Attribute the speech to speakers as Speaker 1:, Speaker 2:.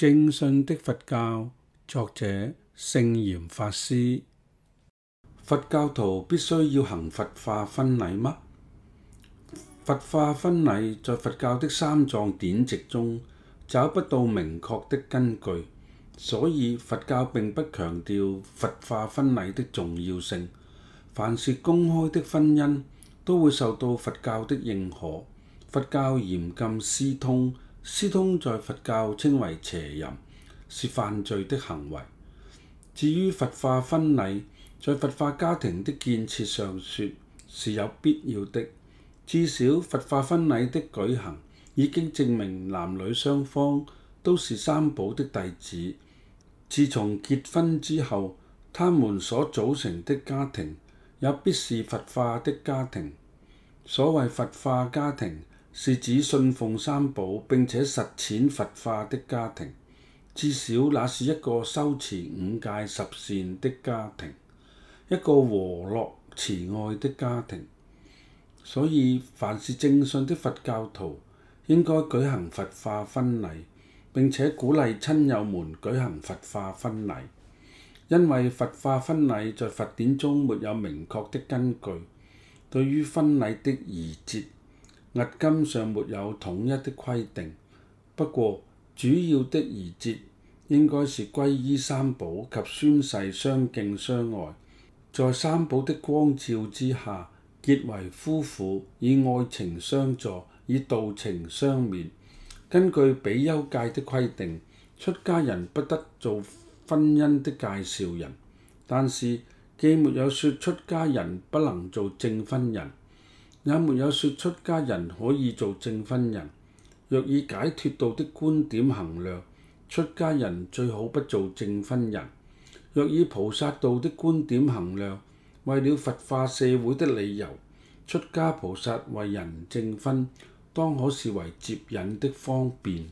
Speaker 1: 正信的佛教，作者聖嚴法師。佛教徒必須要行佛化婚禮嗎？佛化婚禮在佛教的三藏典籍中找不到明確的根據，所以佛教並不強調佛化婚禮的重要性。凡是公開的婚姻都會受到佛教的認可，佛教嚴禁私通。私通在佛教稱為邪淫，是犯罪的行為。至於佛化婚禮，在佛化家庭的建設上說是有必要的。至少佛化婚禮的舉行，已經證明男女雙方都是三寶的弟子。自從結婚之後，他們所組成的家庭也必是佛化的家庭。所謂佛化家庭。是指信奉三寶並且實踐佛化的家庭，至少那是一個修持五戒十善的家庭，一個和樂慈愛的家庭。所以，凡是正信的佛教徒應該舉行佛化婚禮，並且鼓勵親友們舉行佛化婚禮。因為佛化婚禮在佛典中沒有明確的根據，對於婚禮的儀節。押金上沒有統一的規定，不過主要的儀節應該是皈依三寶及宣誓相敬相愛，在三寶的光照之下結為夫婦，以愛情相助，以道情相勉。根據比丘戒的規定，出家人不得做婚姻的介紹人，但是既沒有說出家人不能做證婚人。也沒有說出家人可以做證婚人。若以解脫道的觀點衡量，出家人最好不做證婚人。若以菩薩道的觀點衡量，為了佛化社會的理由，出家菩薩為人證婚，當可視為接引的方便。